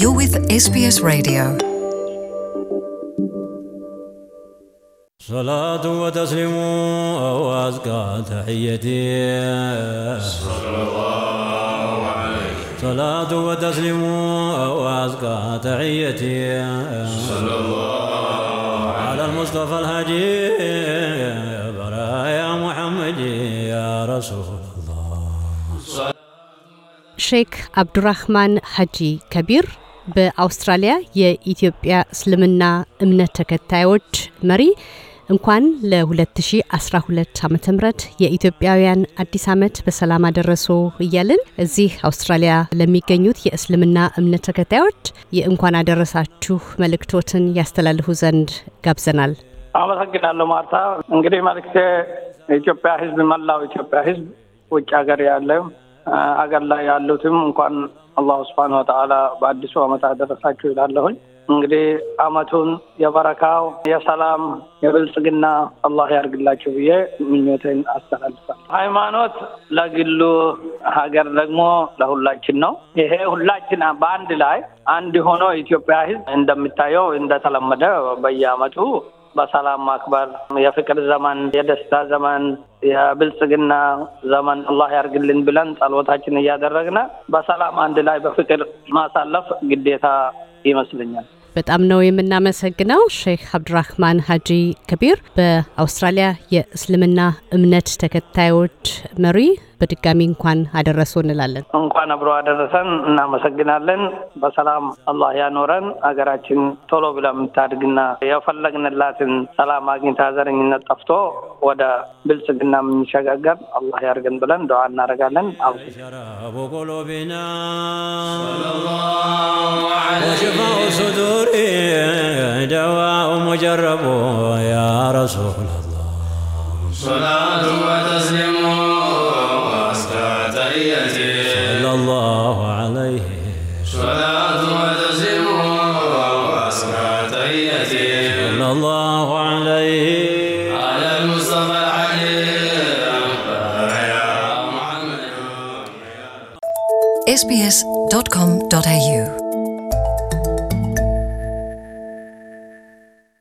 You're with SBS Radio. صلاة وتسليم وأزكى تحيتي صلى الله عليه صلاة وتسليم وأزكى تحيتي صلى الله عليه على المصطفى الهادي يا محمد يا رسول الله شيخ عبد الرحمن حجي كبير በአውስትራሊያ የኢትዮጵያ እስልምና እምነት ተከታዮች መሪ እንኳን ለ2012 ዓ ም የኢትዮጵያውያን አዲስ ዓመት በሰላም አደረሶ እያልን እዚህ አውስትራሊያ ለሚገኙት የእስልምና እምነት ተከታዮች የእንኳን አደረሳችሁ መልእክቶትን ያስተላልፉ ዘንድ ጋብዘናል። አመሰግናለሁ ማርታ። እንግዲህ መልእክቴ የኢትዮጵያ ሕዝብ መላው ኢትዮጵያ ሕዝብ ውጭ ሀገር ያለው አገር ላይ ያሉትም እንኳን አላሁ ስብሓነ ወተዓላ በአዲሱ አመት አደረሳችሁ ይላለሁኝ። እንግዲህ አመቱን የበረካው የሰላም የብልጽግና አላህ ያርግላችሁ ብዬ ምኞትን አስተላልፋል። ሃይማኖት ለግሉ ሀገር ደግሞ ለሁላችን ነው። ይሄ ሁላችን በአንድ ላይ አንድ ሆኖ ኢትዮጵያ ህዝብ እንደሚታየው እንደተለመደ በየአመቱ በሰላም ማክበር የፍቅር ዘመን፣ የደስታ ዘመን፣ የብልጽግና ዘመን አላህ ያርግልን ብለን ጸሎታችን እያደረግን በሰላም አንድ ላይ በፍቅር ማሳለፍ ግዴታ ይመስለኛል። በጣም ነው የምናመሰግነው ሼክ አብዱራህማን ሀጂ ከቢር በአውስትራሊያ የእስልምና እምነት ተከታዮች መሪ በድጋሚ እንኳን አደረሱ እንላለን። እንኳን አብሮ አደረሰን። እናመሰግናለን። በሰላም አላህ ያኖረን። ሀገራችን ቶሎ ብለ የምታድግና የፈለግንላትን ሰላም አግኝታ ዘረኝነት ጠፍቶ ወደ ብልጽግና የምንሸጋገር አላህ ያርግን ብለን ዱዓ እናደርጋለን። አብ وجربوا يا رسول الله صلاة وتسليم وأزكى تحيتي صلى الله عليه صلاة وتسليم وأزكى تحيتي صلى الله عليه على المصطفى العليم يا محمد sbs.com.au